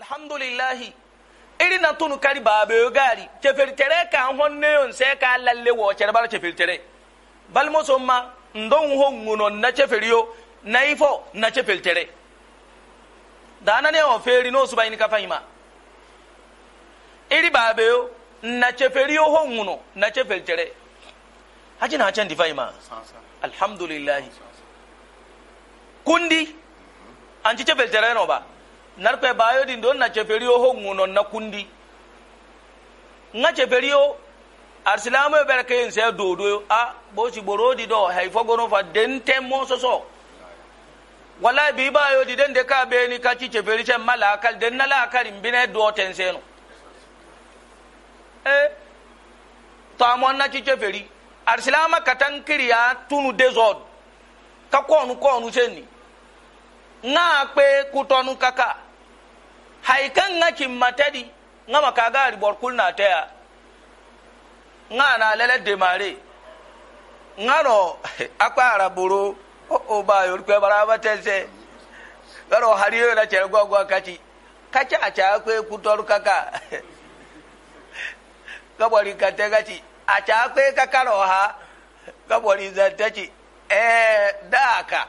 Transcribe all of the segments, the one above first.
alhamdulillahi iri na tunu kari baabe gaari ceferitere ka honneyon se ka lalle wo cere bara ceferitere balmoso ma ndon ho nguno na ceferiyo na ifo na ceferitere dana ne o feri no subaini ka fahima iri baabe yo na ceferiyo ho nguno na ceferitere haji na can di fahima alhamdulillahi kundi an ci ceferitere no ba narpe bayodin don na ceferiyo ho ŋunon na kundi ŋa ceferiyo arsilamoyo bere keyen se dodoyo a b'o bosi borodi do hay fogono fa den temmo soso wallahi bi di den de ka beni kaci ceferi sen ma lakal den na lakari mbine do ten seno e tamon na ci ceferi arsilama katan kiriya tunu desord ka konu konu senni ŋa pe kutonu kaka haikan nga matadi nga makagari borkul na taya nga na lele de mare nga no akwara buru o o ba yori kwe bara ba tese garo hariyo na chere gwa gwa kati kati kacha acha kwe kutoru kaka kabori kate kati acha kwe ro ha gabori kabori ci eh daka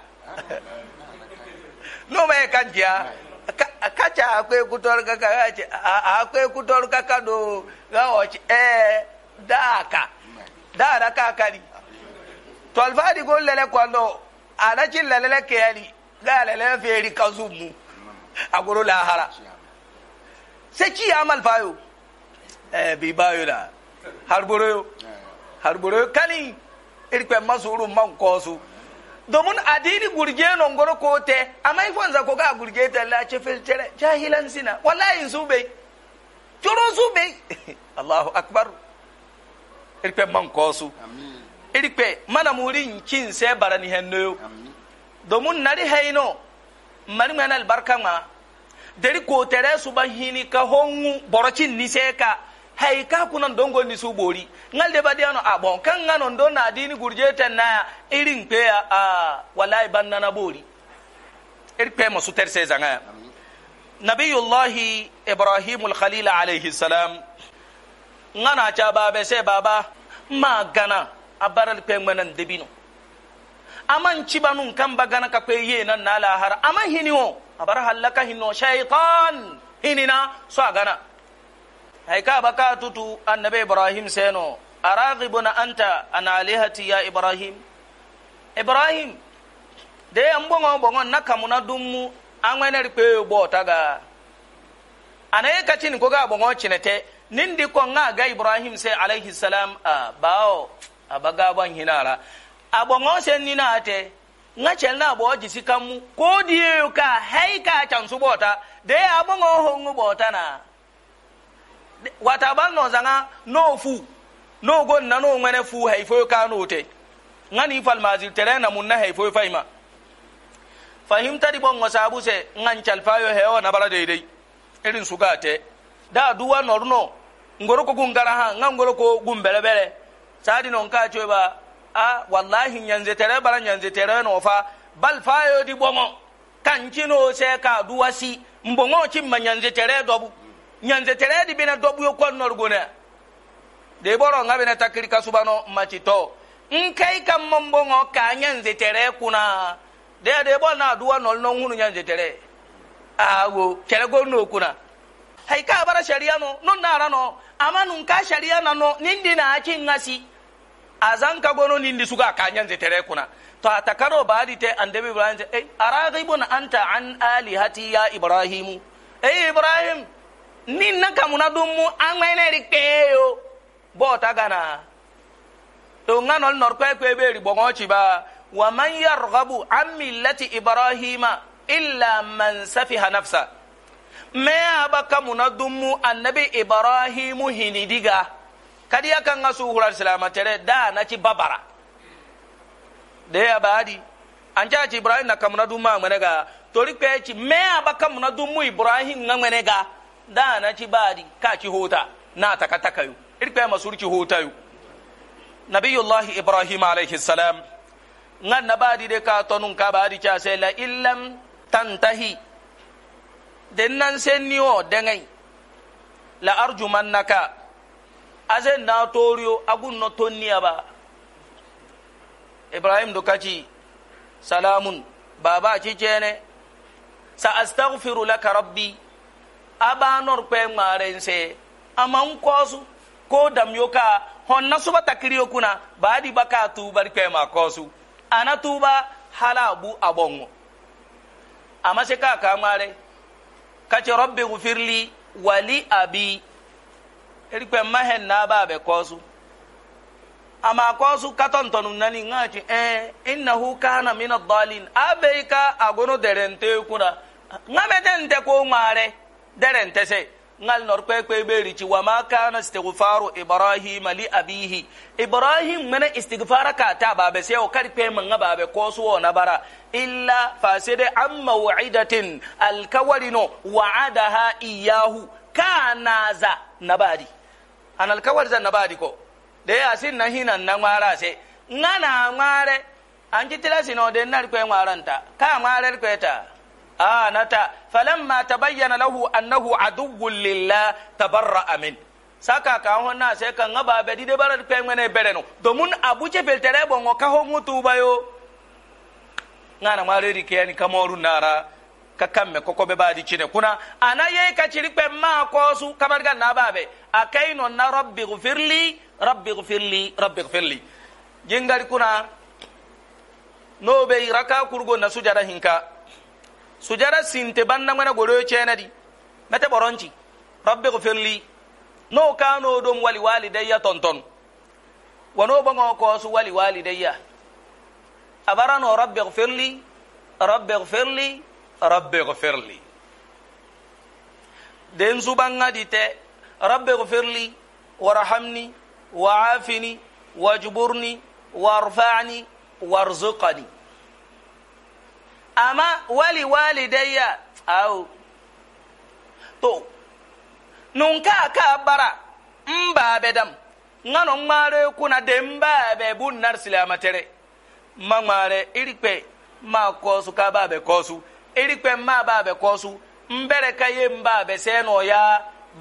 no me kanjia kacha akwe kutoroka kakachi akwe kutoroka kado gawochi eh daka dara kakari tolfadi go lele kwando anachi lele keri ga lele feri kazumu agoro lahara sai ci amal fayo eh bi bayo da harboro eh. harboro kani irkwe masuru man kosu domin adini gurge nongoro ko te amma ifon za ko ga gurge ta la ce filtere jahilan sina wallahi su bai turu su bai Allahu akbar irpe man ko su irpe mana muri kin se barani henno domin nari haino mari mana albarka ma deri ko tere su ban hini ka hongu borocin ni se ka hay ka kunan don gondi su bori ngal de badi ano a bon kan ngano ndo na dini gurje tan na irin pe a wallahi banna na bori ir pe mo su terse zanga nabiyullah ibrahim al khalil alayhi salam ngana cha babe se baba ma gana abaral pe ngmanan debino aman cibanun kan bagana ka pe ye nan na lahar aman hini o abar halaka hinno shaytan hinina so gana hay ka baka tutu annabi ibrahim seno araghibun anta an alihati ya ibrahim ibrahim de ambon ambon na kamuna dummu an rikpe gbo taga anaye kacin ko ga bongo cinete nindi ko nga ga ibrahim sai alayhi salam a bawo a ban hinara a bongo sen ni na ate nga chelna na bo ko ka hay ka can bota de a bongo hongu na wata bal no zanga no fu no ko na no ngene fu hay fo ka no te ngani fal mazil tere na munna hay fo fayma fahimta di bon sabu se ngan chal fayo he o na bara dai dai irin su tɛ da duwa nɔ ngoro ko gungara ha ngan ngoro ko gumbele bele sadi non ka ce ba a wallahi nyanze tere bara nyanze tere no fa bal fayo di bongo kan kino se ka duwasi mbongo ci man yanzu dobu nyanze teredi bena dobuyo kon norgone de boro nga bena takiri kasubano machito nkai kam mombongo ka nyanze tere kuna de de bol na duwa nol no hunu nyanze tere awo kere go no kuna hay ka bara sharia no non nara no ama nun ka sharia na no nindi na aki ngasi azan ka gono nindi suka ka nyanze tere kuna to atakaro baadi te andebi ibrahim te eh araghibun anta an alihati ya ibrahim eh ibrahim ni na kamuna dummu angweneri kpeyo bota gana to nga nol nor kwe kwe beri bongo chiba wa man yarghabu an millati ibrahima illa man safiha nafsa me aba kamuna dummu annabi ibrahimu hinidiga kadi kan nga suhura islam tere da na ci babara de abadi an ja ci ibrahim na kamuna dumma ngwenega tori kwe ci me aba kamuna dummu ibrahim nga da na ci bari ka ci hota na taka taka yu irpe masur ci hota yu nabiyullahi ibrahim alayhi salam ngan na bari de ka tonun ka bari cha la illam tantahi den nan sen ni o dengai la arjumannaka azen na toriyo agun no tonniya ba ibrahim do salamun baba ci cene sa astaghfiru laka rabbi aba nor kwe ngare nse ama nkosu ko dam yoka honna suba takiri yokuna badi baka tu bari kwe ma kosu ana tuba halabu abongo ama se ka ka ngare kace rabbi gufirli wali abi eri kwe mahen na ba be kosu ama kosu katontonu nani ngaci eh innahu kana min ad-dallin abeika agono derente kuna ngamete nte ko ngare daren ta sai ngal nor kwe kwe be wa ma kana istighfaru ibrahim li abihi ibrahim mana istighfara ka ta babe sai o kar kwe ba be ko su na bara illa faside an maw'idatin alkawarino wa'adaha iyahu kana za nabadi an alkawar za nabadi ko de ya sin na hinan na ngwara se ngana ngware an kitila sino de nar kwe ngwaranta ka ngware kweta anata falamma tabayyana lahu annahu aduwwun lillah tabarra'a min saka ka honna se kan ngaba be di de barat pe ngene bere no mun abuje beltere bongo ka ho mutu bayo ngana ma ri ke ni kamoru nara ka kamme koko be badi cine kuna ana ye ka ciri pe ma ko su kamar ga na babe akaino na rabbi ghfirli rabbi ghfirli rabbi ghfirli jingari kuna no be raka kurgo na sujara hinka sujara sinte bannamgana goɗoyo ceenadi mete ɓoronci rabbi gfirli no kano ɗum wali daya ton ton wono ɓogo koosu wali walidayya abarano rabbi gfirli rabbi gfirli rabbi gfirli den suɓangadi te rabbi gfirli warhamni waafini wajburni warfani warzuqani amma wali walidayya awo to nunka ka bara n baabe dam ŋano ŋmaare kuna de n baabe bun nar silamatere ma ŋmaare iri kpe ma koosu ka baabe koosu iri kpe ma baabe koosu n bere ka ye n baabe ya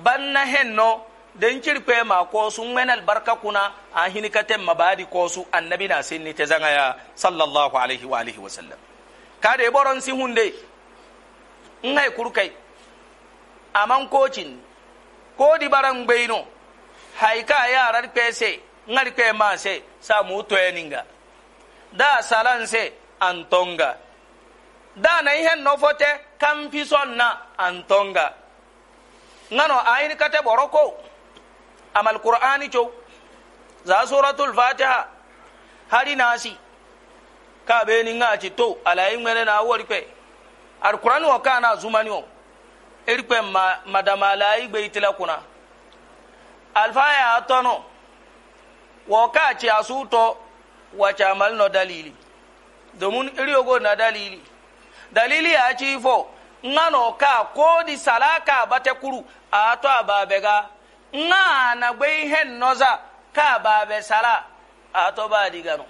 banna hen no den ciri kpe ma koosu ŋmen albarka kuna a hinikate mabaadi koosu annabi na sinni te zaŋaya sallallahu alaihi wa alihi wasallam kade boron si hunde hai kurkai aman kocin ko di baran gbeino haika yarar pese ngar pe ma se samu toyeninga da salan se antonga da na ihe nofote kampi sonna antonga ngano ayin kate boroko amal qur'ani cho za suratul fatiha hari nasi ka beni nga to alayi ŋmene na wori kwe alkurani wo ka na zumani wo iri kwe ma, madama alayi gbe itila kuna alfa ya tono wo ka ci a to wace amal no dalili domin iri yogo na dalili dalili a ci fo nga no ka kodi salaka bate kuru a to a babega nga na gbe ihe nnoza ka babe sala a to ba digano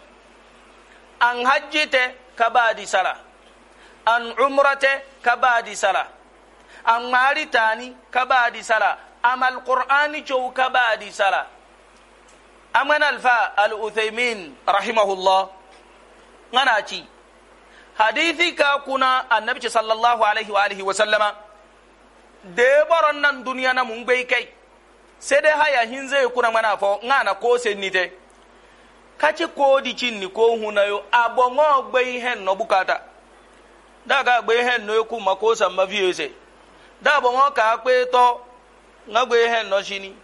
an hajjite ka baadi sara an umrate ka baadi sara an ŋmaari taani ka baadi sara amal qur'ani cow ka baadi sara aman alfa al uthaymin rahimahullah ŋana ci hadithi ka kuna annabi sallallahu alaihi wa alihi wa sallama de boron nan duniya na mun kai sai dai haya hin zai kuna mana fo ŋana ko sennite kache kodi chinni ko hunayo abongo gbe ihe no bukata daga gbe ihe no yoku makosa maviese da bongo ka pe to nga gbe ihe no shini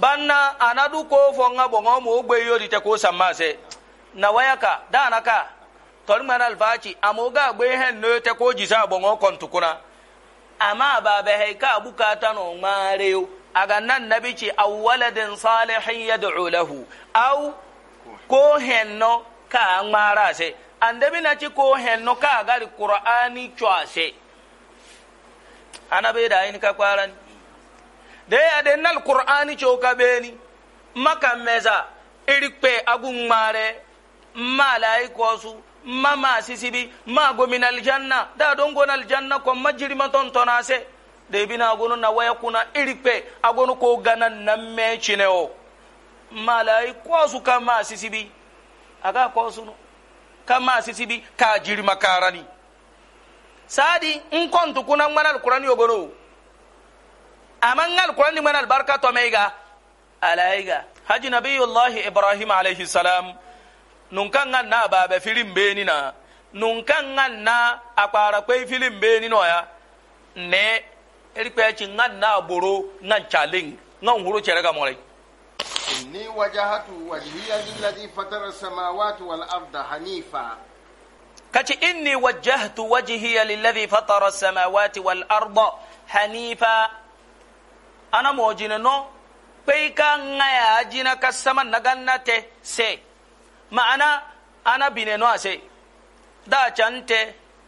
banna anadu ko fo nga ma mo gbe yo dite ko samase na wayaka da anaka tolmana ama oge gbe ihe no yote ko jisa bongo kontukuna amma ba bai haika bukata no mare aga nan nabi ce awwaladin salihin yad'u lahu aw ko henno ka ŋmaara se andebi naci ko henno ka gari qur'ani coa se anabeda ayini ka kwarani dee aden nal qur'ani co ka beni maka meza iri kpe agu ŋmaare ma laayi koosu ma ma sisibi ma gomin aljanna da don gon aljanna kon ma jirima ton tona se debina agunu na waya kuna iri kpe agunu ko gana nan me cine o malai kwasu kama sisibi aga kwasu no kama sisibi ka jiri makarani sadi in kontu kuna ngwana alqur'ani yogono aman alqur'ani ngwana albarka to meiga alaiga haji nabiyullahi ibrahim alayhi salam nun kan ngal na baba filim beni na nun kan ngal na akwara kwe filim beni no ya ne erikpe chi ngal na aboro ngal chaling ngal huru cherega molai إني وجهت وجهي للذي فطر السماوات والأرض حنيفا كتي إني وجهت وجهي للذي فطر السماوات والأرض حنيفا أنا موجين نو بيكا نيا جينا كسما نغنته سي ما أنا أنا بينينو سي دا چانت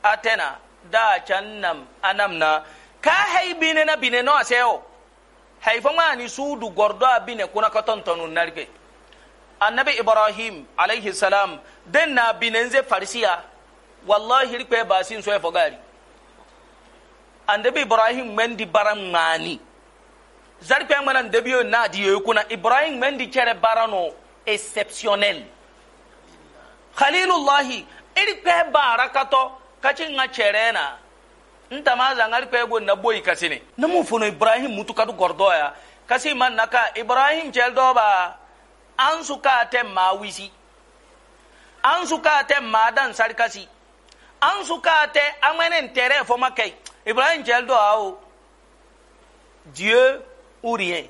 أتنا دا چنم أنمنا كاهي بينينا نو أسيو haifamani sudu gordo abine kuna katontonu narge annabi ibrahim alayhi salam den na binenze farisiya wallahi rikpe basin so efogari annabi ibrahim mendi bara ngani zarpe mana ndebiyo na diyo kuna ibrahim mendi kere barano exceptionnel khalilullahi irikpe bara kato kacin nga cerena nta ma zangari pe go na boyi kasini na mu fono ibrahim mutu kadu gordo ya kasi man naka ibrahim chel do ba an ka te ma wisi an suka te ma dan sarkasi an su suka te amene ntere fo makai ibrahim chel do awo dieu ou rien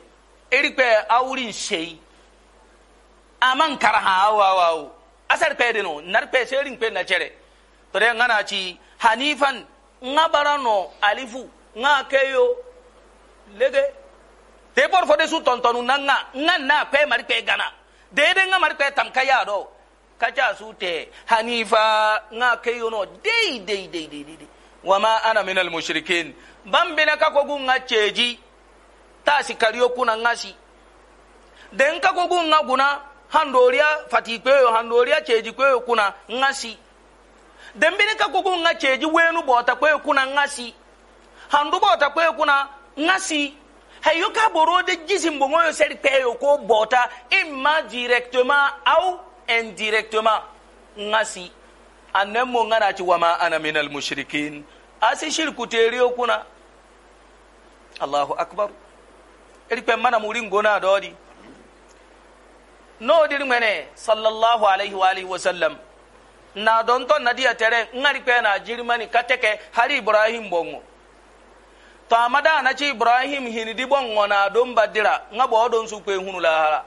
eri pe awuri shei aman karaha awo awo asar pe de no nar pe seri pe na chere to de ngana ci hanifan nga bara no alifu nga keyo lege te por fo de su tontonu na nga nga na pe mari pe gana de de nga mari pe tam kaya do kacha su te hanifa nga keyo no dei dei dei dei dei wa ma ana min al mushrikin bambina ka kogu nga cheji ta si kariyo kuna si den ka kogu nga guna handoria fatikweyo handoria cheji kweyo kuna si. dembini ka kuku nga ceji wenu bota kwe kuna ngasi handu bota kwe kuna ngasi hayo ka boro de jisi mbongo yo seri peyo ko bota imma directement au indirectement ngasi annan mo na ci wama ana minal mushrikin asi shirku teriyo kuna allahu akbar eri kwen mana muri ngona dodi no diri mene sallallahu alaihi wa alihi wa sallam na donto nadiya tere ngari pe na jirmani kateke hari ibrahim bongo to amada na ci ibrahim hinidi bongo na don badira ngabo don su pe hunu lahara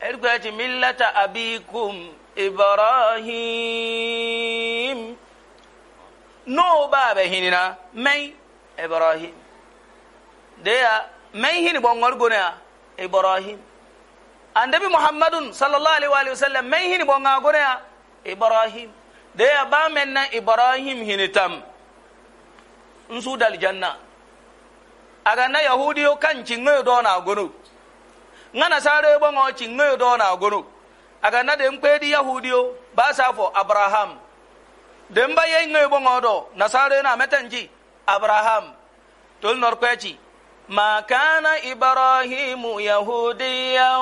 erko ci millata abikum ibrahim no ba baba hinina mai ibrahim deya mai hini bongor gone ibrahim annabi muhammadun sallallahu alaihi wa sallam mai hini bonga gone ibrahim de ya ba men na ibrahim hinitam nsu dal janna aga na yahudiyo kan cinŋoyo do na gono ŋa nasara boŋo cinŋoyo do na gono aga na de yahudi yahudiyo ba sa fo abraham de ba ye ŋoyo boŋo do nasara na metenji abraham tol nor kweci ma kana ibrahimu yahudiyan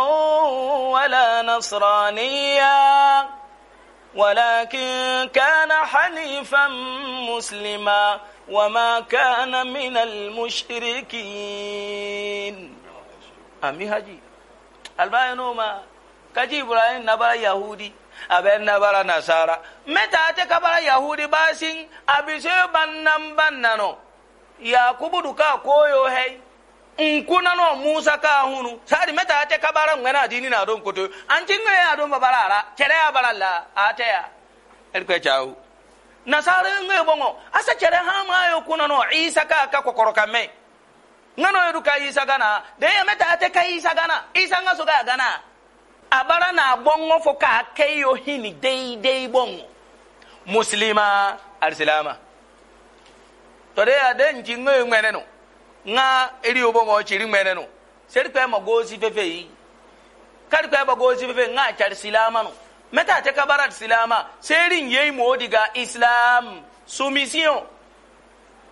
wala nasraniyan ولكن كان حنيفا مسلما وما كان من المشركين أمي هجي البعض نوما كجيب رأي نبرا يهودي أبن نبرا نصارى متى تكبر يهودي باسين أبسيو بنن بننو يا كوبو دوكا كويو kuna no musa ka hunu sari meta ate kabara ngana dini na don koto anti ngere ya don babarara kere ya baralla ate ya erkwe chau sari ngai bongo asa kere ha ma yo kuna no isa ka ka kokoro me ngano yo ka isa gana de ya meta ate ka isa gana isa nga so ga gana abara na bongo fo ka ke yo hini dei dei bongo muslima arsilama to de ya de nji ngai ngene no nga iri ubo mo chiri mene no seri pe ma gozi fefe yi kari pe ba gozi fefe nga chari silama no meta te kabara silama seri nyei mo diga islam soumission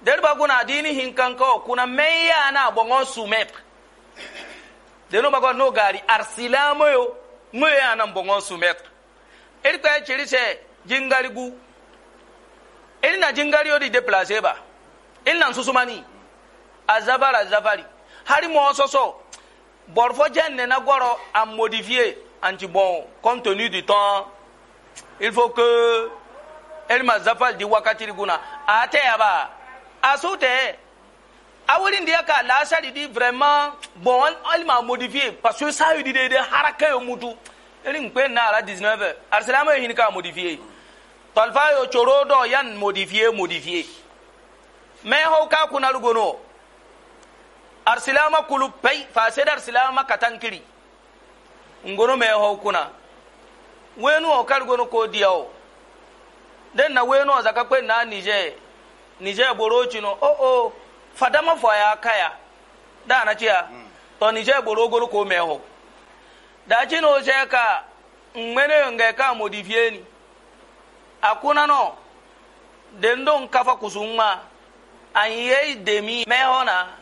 der ba guna dini hinkan ko kuna meya na bongo sumep deno ba no gari silama yo meya na bongo sumep iri pe chiri se gu eri na jingari yo di deplacer ba iri na susumani azabara azabari harimo mɔgɔ borfo jenne na goro a modifié anti bon compte tenu du temps il faut que elma zafal di wakati guna a aba yaba a so diaka di vraiment bon m'a modifié parce que ça yi di de haraka yo mutu eri nkpe na ala 19 arsilama yi hini ka modifié yo coro yan modifié modifié mais ho ka kunalugono arsilama kulupai faseda arsilama katankiri ngono me ho kuna wenu o kar gono ko diyawo den na wenu o zaka kwen na nije nije boro chino o oh, o oh, fadama fo ya kaya da na ciya to nije boro gono ko me ho da chino je ka ngmene nge ka modifie ni akuna no den don kafa kusunma an yi demi me ho na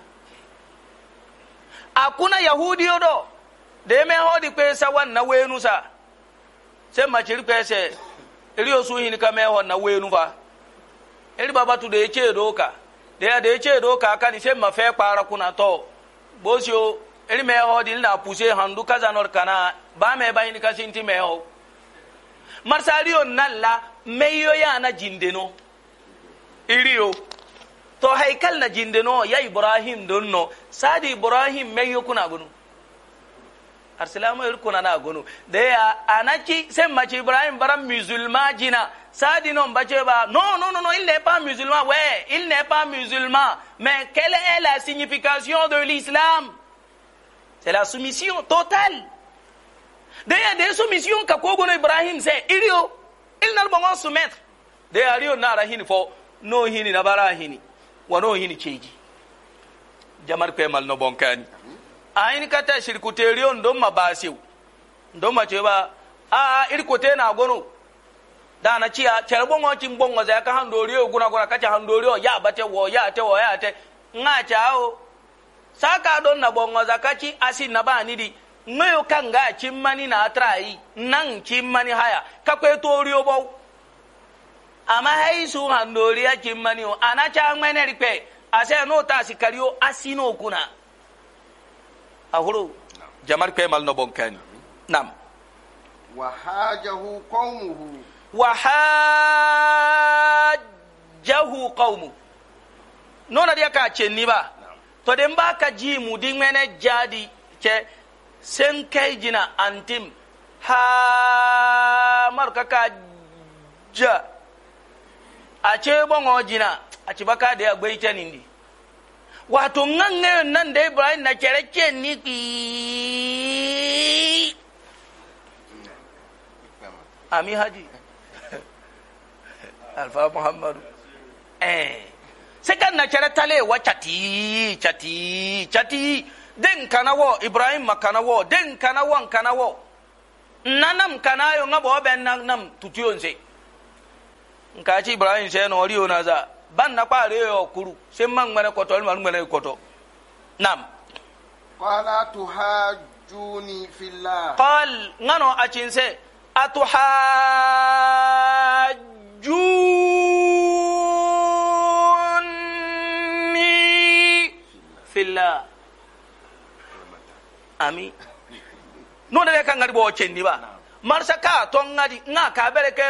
akuna Yahudi yodo, deme hodi hoɗi sawa na wenu sa se maciri kpese iriyo suhini kame honna wenu fa iri babatu de ceeɗo ka deya de ceeɗo ka kani se ma fe kpara kuna to bosio iri me hoɗi ilna puse handu kasanor kana bame bahini kasinti me ho marsariyo nalla meyo ya yana jindeno iriyo to Haikal na jindeno ya ibrahim donno sadi ibrahim me yukuna gunu arsilamu yar kuna na gunu da ya anaki sai mace ibrahim baram muslima jina sadi non bace ba no no no no il n'est pas musulman ouais il n'est pas musulman mais quelle est la signification de l'islam c'est la soumission totale da ya da soumission ka kogono ibrahim se irio il n'a pas soumettre da ya rio na rahini fo no hini na barahini wano hini keji jamar kwe mal no bonkani ayin kata shirkuteriyo don ma basew don ma cewa a a te na gono da na ciya cerbongo cin bongo zai ka riyo guna guna hando riyo ya bate wo ya te wo ya te nga chao saka don na ka ci asin na ba ni di ngayo kan ga cin mani na atrai nan cin mani haya ka kwe riyo bau ama haisu handoriya o, ana cangmeneri a ase no ta sikariyo asino kuna ahuru jamar kpe mal no bonkani nam hajahu qaumuhu hajahu qaumu na dia ka chenni ba to den ba ka ji mu di ngmene jadi che sen kai jina antim ha mar ka ka ja a ce bongo jina ci baka da ta nindi wato ngangayon nan da ibrahim na kere ke niki ami haji alfa muhammadu eh sekan na kere tale wa chati chati chati den kana ibrahim makana wo den kana kanawo kana nanam kana yo ngabo ben nanam tutiyo nse nka ci ibrahim sɛ nɔɔri o na za ban na kpa re yɔ kuru se ma ŋmɛnɛ kɔtɔ ɛlima ŋmɛnɛ kɔtɔ nam. kɔla tuhajuni fila. kɔl ŋanɔ a cin sɛ a tuhajuni fila. ami n'o de bɛ ka ŋari bɔ o cɛndi ba marisa k'a tɔ ŋadi ŋa k'a bɛrɛ kɛ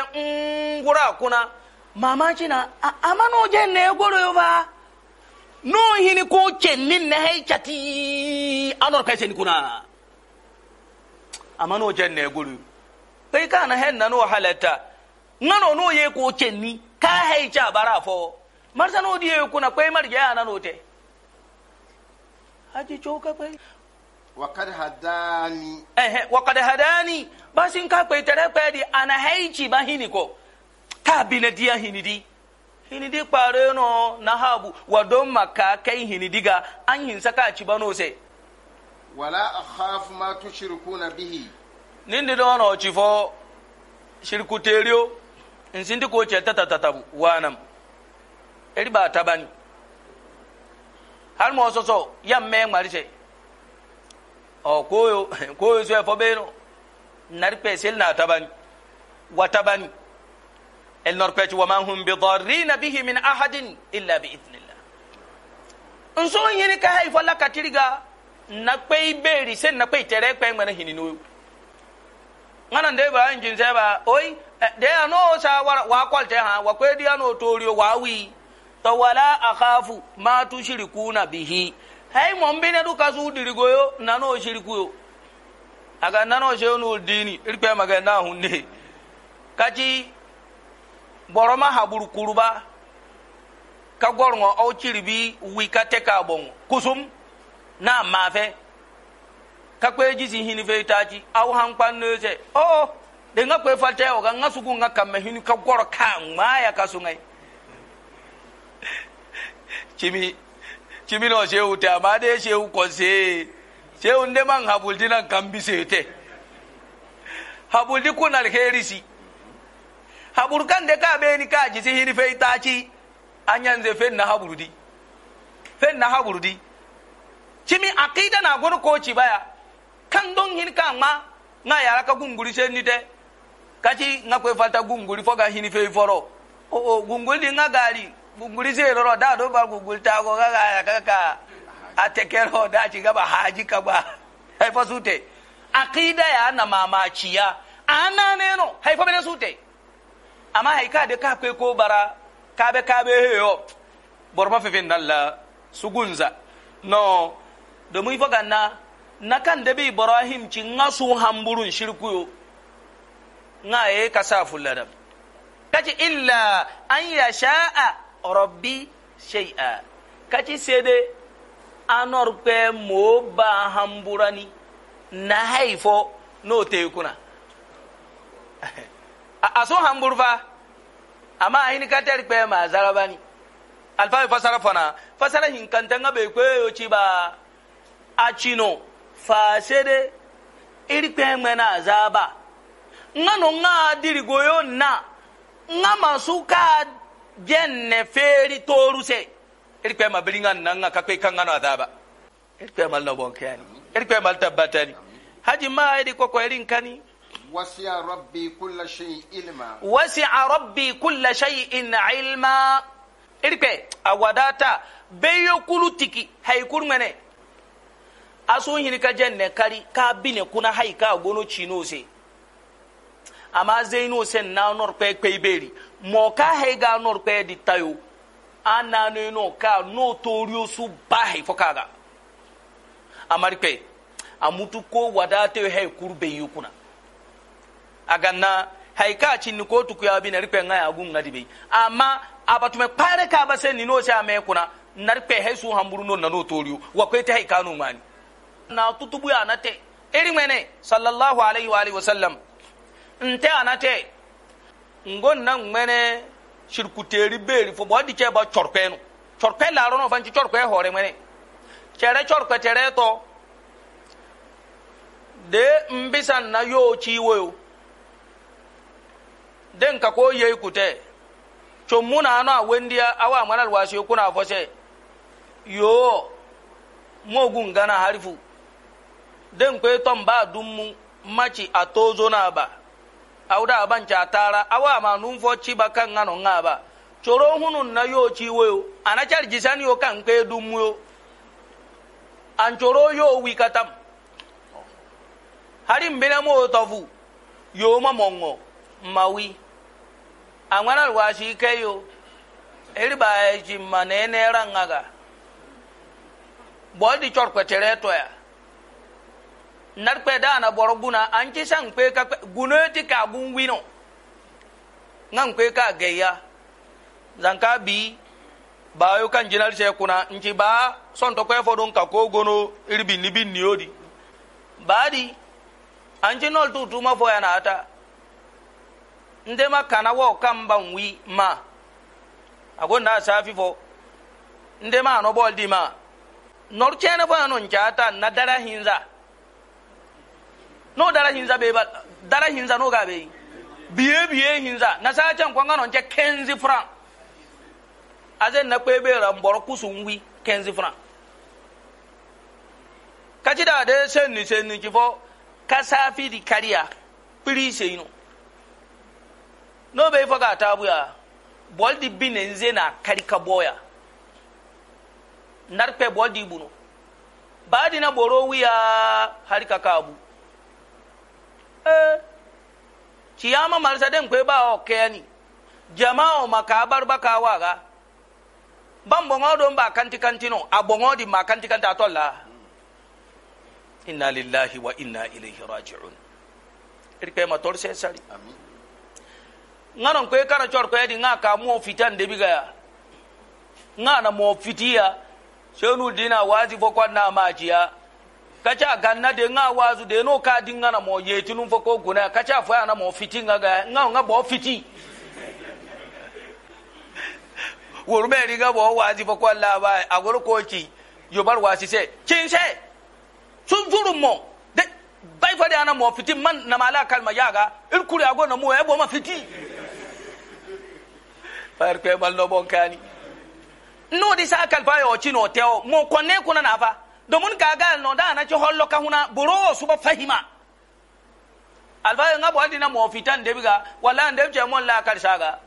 nkura kunna. mama china ama no je ne goro yo ba no hini ko chenni ne hay chati anor pese ni kuna ama no je ne goro kai kana hen na no halata ngano no ye ko chenni ka hay cha bara fo marsa no die kuna kai marja na no te haji choka kai wakad hadani eh wakad hadani basi ka kai tere kai di ana hay chi ba hini ko ha bina hinidi hinidi kpare no na habu ma k'a kai hinidi ga an hin saka ciba bano se wala a akhafu ma tu na bihi nin nindi do no ci fɔ shirku n sin sindi ko cɛ tata waana wanam eri ba tabani har mo soso yam me ngari se o koyo koyo so e fo be nɔ nari seli na ta wa tabani watabani elnor kweci wama hum bidarrina bihi min ahadin illa biidnillah nso yini ka hay ga katiriga na kpei beri sen na kpei tere kpei ngana hini nu ngana nde ba injin seba oi eh, de ano sa wa wa kwalte ha wa kwedi ano torio wa wi to wala akhafu ma tushrikuna bihi hay mon bene du kasu dirigoyo nano shirikuyo aga nano sheyonu dini irkpe maga na hunde kaci boroma habur kurba ka gorŋo au ciribi wi ka te ka boŋo kusum na mafe ka kwe jisi hini fe taci au hankpan nese o oh, oh. de ŋa kwe falte o ga ŋa sugu ŋa kamme hini ka goro ka ŋmaya ka suŋai cimi cimi no shehu te ama de shehu konse shehu ndeman habulti nan kambise te habulti kunal herisi haburkan kan de ka be ni ka ji sihiri ci itachi anyan ze fen na haburudi fen na haburudi chimi aqida na gon ko ci baya kan don hin ka ma na yara ka gunguri sen ni de ci na ko falta gunguri foga hini fe foro o o gunguri di nga gari gunguri se ro da do ba gunguri ta go ga ga ka a tekero da ci ba haji ka ba haifa sute aqida ya na mamaciya ana ne no haifa su sute amma hai ka da ka kai ko bara ka be ka be heyo borma fe fen dalla sugunza no do mu ifoga na na kan da bi ibrahim ci ngasu hamburun shirku yo nga e sa fulada kaci illa an sha'a rabbi shay'a kaci sede anor pe mo ba hamburani na haifo no te kuna a aso hamburfa amma ahini katari kpe ma zarabani alfa fasara fana fasara hinkanta nga be kwe yo fa achino fasede iri kpe ngmena azaba nga no nga diri goyo na nga masu ka jenne feri toru se iri kpe ma bilinga na nga kakwe kanga no azaba iri kpe mal no bonkani iri kpe mal tabbatani haji ma idi koko iri nkani rabbi kulla shayi ilma علما وسع ربي shayi شيء a irpe awadata beyo kulu tiki haikun mene asun hini ka ne kari ka bine kuna haika gono chino se amma zainu sen na nor pe pe beri mo ka haiga nor pe di tayo na no ka no torio su ba kaga. a amari a mutu ko wadate hai kurbe kuna a aganna haika cinni ko tukuya bi na rikpe ngai agun ngadi bi amma abatume pare ka ba base ni no sha me kuna na rikpe hesu hamburu no na no toriu wa ko kwete haika no ngani na tutubu ya nate eri mene sallallahu alaihi wa alihi wasallam nte anate ngon na mene shirkuteri beri fo bodi ke ba chorpenu chorpe la rono fanci chorpe hore mene chere chorpe tere to de mbisan na yo chiwo yo den ka ko yei kute commu na ano a wendiya awa manal wasiyo kuna fose yoo mogun gana harifu den kwe ton ba dummu maci a tozo na ba awda abanci a tara awa ma numfo ciba kan ngano nga ba coro hunun na yo ciwo yo ana carjisani yo kan kwe dummu yo an coro yo wikatam harin bina mo tofu yo ma mongo mawi angwana lwashi yo eri baeji mma na enera ngaga bodi chor kwetere toya ya kwe da na boro guna an ki san kwe ka guno ti ka gun wino ngan kwe ka geya zanka bi bayo kan jinar she kuna nki ba son to kwe fọdụ ka ko gono irbi di ba di an jinol tu tuma ya na ata nde makana ka mba nwi ma ago na safi fo nde ma no bol di ma nor chene bo no nchata na dara hinza no dara hinza be ba dara hinza no ga be biye biye hinza na sa chan kwanga no nche kenzi fran azen na kwebe ra mboro kusu nwi kenzi fran kachida de senni senni kasafi di kariya piri seino no bai ifo ga tabu ya bol di bine ze na karika boya narpe bol di bunu di na boro wiya harika kabu eh ma marsa den kwe ba o keni jama'o makabar baka waga ban bongo don ba kanti kanti no a bongo di ma kanti kanti atolla inna lillahi wa inna ilaihi raji'un irkai mator sai sari amin nga non koy kana cor koy di nga ka mo fitan de biga ya nga na mo fitiya shenu dina wazi fo kwa na majiya kacha ganna de nga wazu de no ka di nga na mo yetinun fo ko guna kacha fo ya na mo fiti nga ga nga nga bo fiti wuru me riga bo wazi fo kwa la ba agor ko ki yobar wasi se kin se sun furu mo de bai fa de ana mo fiti man na mala kalma yaga irkuri ago na mo e bo ma fiti fayar kwe bal no bon kani no di sa kal fayo chino teo mo konne kuna na fa domun ka gal no da na ci hollo ka huna buro su ba fahima alfayo nga bo dina mo fitan de biga wala nde je mon la kal saga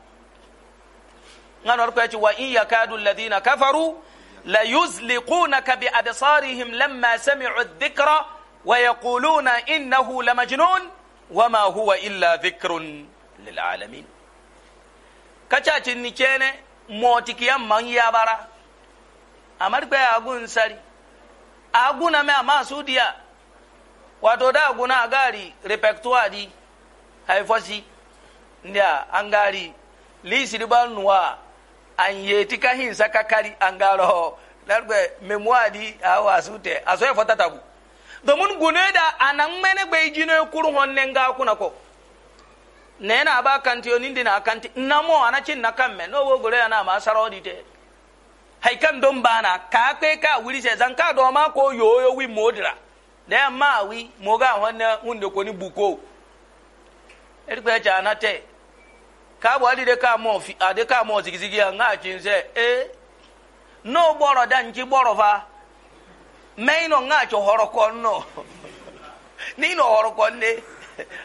nga nor kwe ci wa iya kadu alladhina kafaru la yuzliqunaka bi absarihim lamma sami'u adh-dhikra wa yaquluna innahu lamajnun huwa illa إلا lil alamin kacacinni cene motikiyan man yabara amar kpe agun sari aguna me ama sudiya wato da aguna agari repertoire di haifosi ndia angari lisiri bannuwa an yeti ka hinsa kakari angaro largbe memoire di awa sute aso e fotatabu domin gune da anan mene gbe ijine kuru honne nga kuna nena aba kanti o nindi na kanti namo anachin na kamme no wo gore na ma saro dite hay kan don bana ka kwe ka wuri se zan ka do ma ko yoyo wi modra da ma wi mo ga wanne hunde ko ni buko na te ka bo ali de ka mo fi ka mo zigizigi nga chin se e eh? no fa nga cho horo ko no ni no horo ko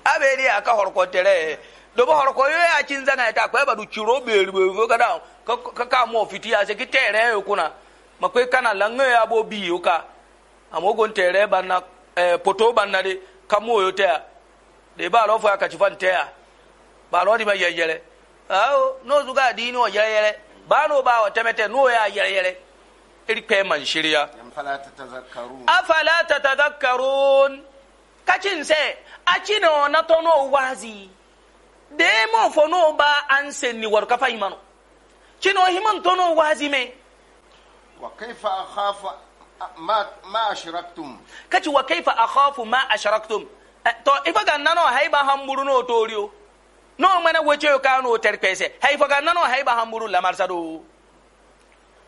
abeli aka horokotere dobo horokoyo ya chinza nga ta kwa badu chiro beli bo kada kaka mo fiti ya se kitere yo kuna makwe kana lango ya bo bi yo ka amogo ntere banna eh, poto bana de kamo yo te de ba lo fa ka chifan te ba di ba yeyele awo no zuga o ba no ba o temete no ya achino na tono wazi demo fono ba anse ni war warka faimano chino himan tono wazi me wa kaifa akhafu ma ma ashraktum kachi wa kaifa akhafu ma ashraktum to ifaga nano haiba hamburu no torio no mana weche ka no terpese ga nano haiba hamburu la marsado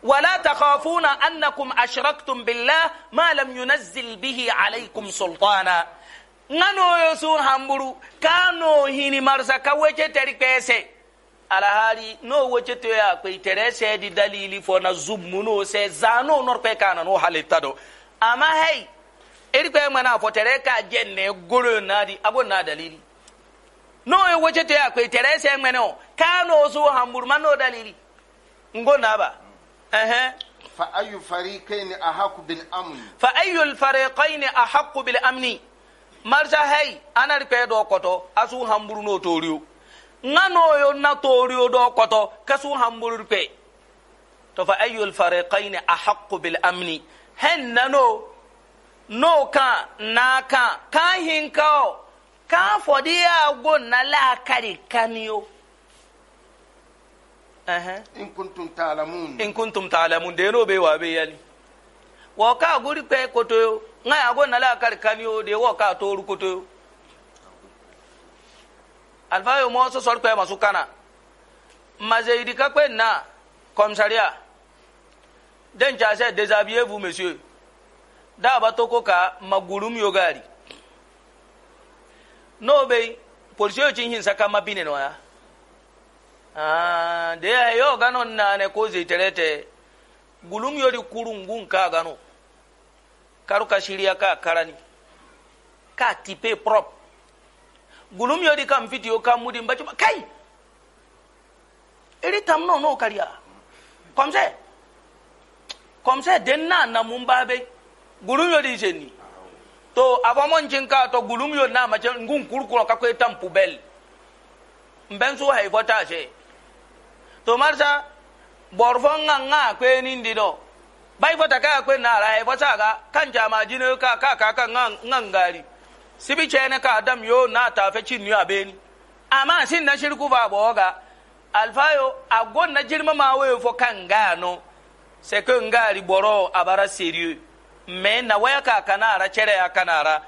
ولا تخافون أنكم أشركتم بالله ما لم ينزل به عليكم سلطانا nganoyo sun hamburu ka no hini marsa ka wece teri kpese alahari no wece toya kwe tere se di dalili fo na zummu no se zano nor kwe kana no halitta do amma hey eri kwe mana fo tere ka jenne goro nadi agon na dalili no yo to toya kwe tere se ngene o ka no su hamburu man no dalili ngo na ba ehe fa ayu fariqaini ahaqu bil amni fa ayu al fariqaini ahaqu bil amni marsa hey anar pe do koto asu hamburu no toriyo ngano yo na toriyo do koto kasu hamburu pe to fa ayyul fariqayn ahaqqu bil amni hen nano no ka na ka ka hin ka o ka fodi ago na la kari kaniyo ehe in kuntum ta'lamun in kuntum ta'lamun de no be wa be yali wa ka guri pe koto yo nga ago nala akari o de wo ka toru koto alfa yo mo so sorko e masu kana mazeidi ka kwen na komisaria den cha se déshabillez vous monsieur da ba to ko ka magurum yo gari no be polisi yo chin hin saka mabine no ya ah de yo ganon na ne ko ziterete gulum yo di kurungun ka ganon karu ka shirya ka karani ka tipe prop gulum yodi kam fitiyo kam mudin bacu kai iri tam no no kariya comme ça comme ça den na na mun babe gulum yodi jeni to abamon k'a to gulum yodi na mace ngun kurkuro ka kwe tam pubel mben su haifota she to marsa borfon nga nga kwe nindi do bai fota ka kwe na ra e ga kan jama jino ka ka ka ka ngan gari sibi ne ka adam yo na ta fe chin ni abeni amma sin na shirku ba boga alfayo agon na jirma ma we fo kan ga no se ko ngari boro abara serieux me na waya ka kanara chere ya kanara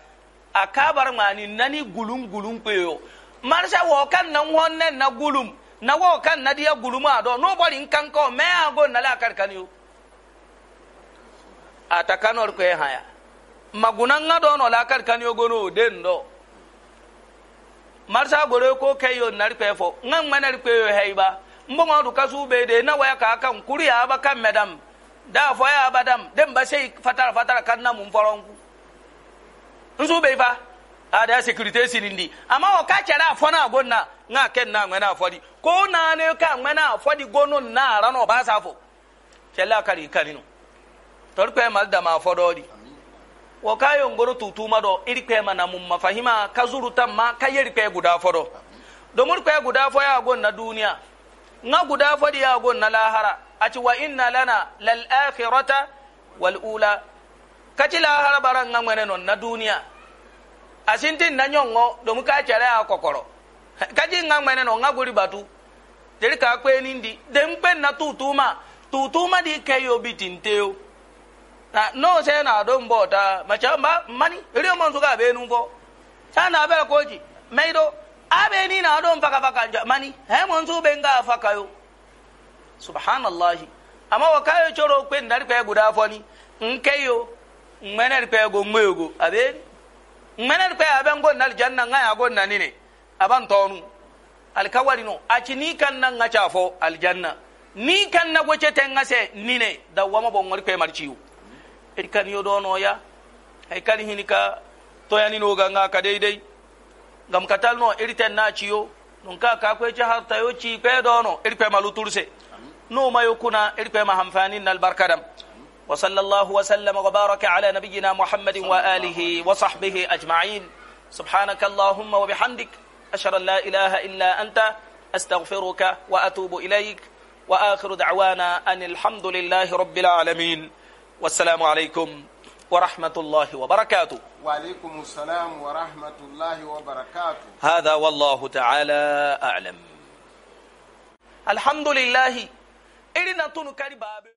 akabar mani nani gulum gulum y'o marsha wo kan nan honne na gulum na wo kan na dia gulum ado no bori nkan ko me agon na la karkaniyo ata kanor kwe haya magunan ga dono la kar kan yogono den do marsa gore ko kayo nar kwe fo ngan manar kwe yo haiba mbo ngodu kasu be de na waya ka kan kuri ba kan madam da fo ya badam den ba sai fatar fatar kan na mun foron ku nsu be fa a da security e sinindi amma o ka kera fo na gonna nga ken na ngana di ko na ne ka ngana di gono na rano ba sa safo kella kari karino tori kpɛma ma fodori wo ka tutu tutuma do iri ma na mum fahima kazuru tam ma ka yeri guda guda fɔdɔ mur kpɛ guda fɔ ya gon na duniya nga guda fɔdi ya gon na lahara ati wa inna lana lal akhirata wal ula kaci lahara bara nga ŋmɛnɛ non na duniya asinti na do domi ka cɛrɛ ya kɔkɔrɔ kaci nga ŋmɛnɛ non nga guri batu teri ka kpɛ nindi den kpɛ na tutuma tutuma di kayo bitinteo na no se na do mbo ta ma cha ma mani ri mo nzuka be nu fo cha na be ko ji me do abe ni na do mpaka faka mani he mo nzu be nga faka yo subhanallah amma wa kayo choro kwe ndari kwe guda fo ni nke yo mmene kwe go ngwe go abe mmene kwe abe ngo na janna nga ya go na ni ne aban tonu alkawari no a ni kan nan nga cha fo aljanna ni kan na goce ten nga se ni ne da wama bo ngori kwe marciwo edi kaniyo ɗonoya hay kani hini ka toyaninoga nga ka deydey ngam ka talno eri ten na ciyo non ka ka kwece hartayo ci kwe ɗono eri kwema luturse numayo kuna eri kwema hamfanin nal barkadam wa sallallahu wa sallama wa baraka ala nabiyina muhammadin wa alihi wa sahbihi ajma'in subhanaka allahumma wa bihamdik ashhadu an la ilaha illa anta astaghfiruka wa atubu ilayk وآخر دعوانا أن الحمد لله رب العالمين والسلام عليكم ورحمة الله وبركاته وعليكم السلام ورحمة الله وبركاته هذا والله تعالى أعلم الحمد لله إلنا تنكر باب